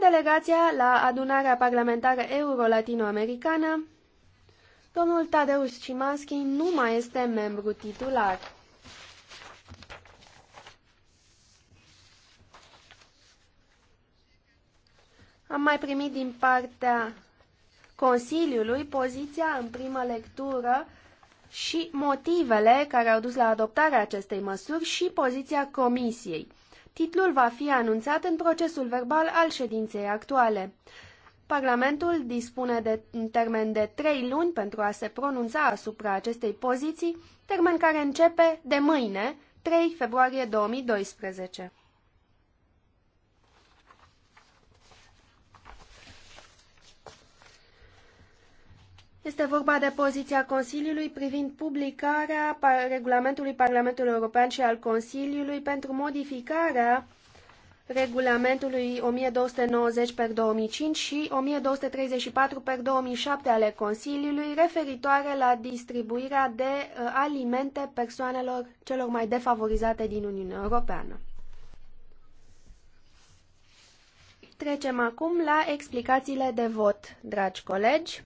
la delegația la adunarea parlamentară euro-latinoamericană, domnul Tadeusz Cimaschi nu mai este membru titular. Am mai primit din partea Consiliului poziția în primă lectură și motivele care au dus la adoptarea acestei măsuri și poziția Comisiei. Titlul va fi anunțat în procesul verbal al ședinței actuale. Parlamentul dispune de un termen de trei luni pentru a se pronunța asupra acestei poziții, termen care începe de mâine, 3 februarie 2012. Este vorba de poziția Consiliului privind publicarea regulamentului Parlamentului European și al Consiliului pentru modificarea regulamentului 1290 per 2005 și 1234 per 2007 ale Consiliului referitoare la distribuirea de uh, alimente persoanelor celor mai defavorizate din Uniunea Europeană. Trecem acum la explicațiile de vot, dragi colegi.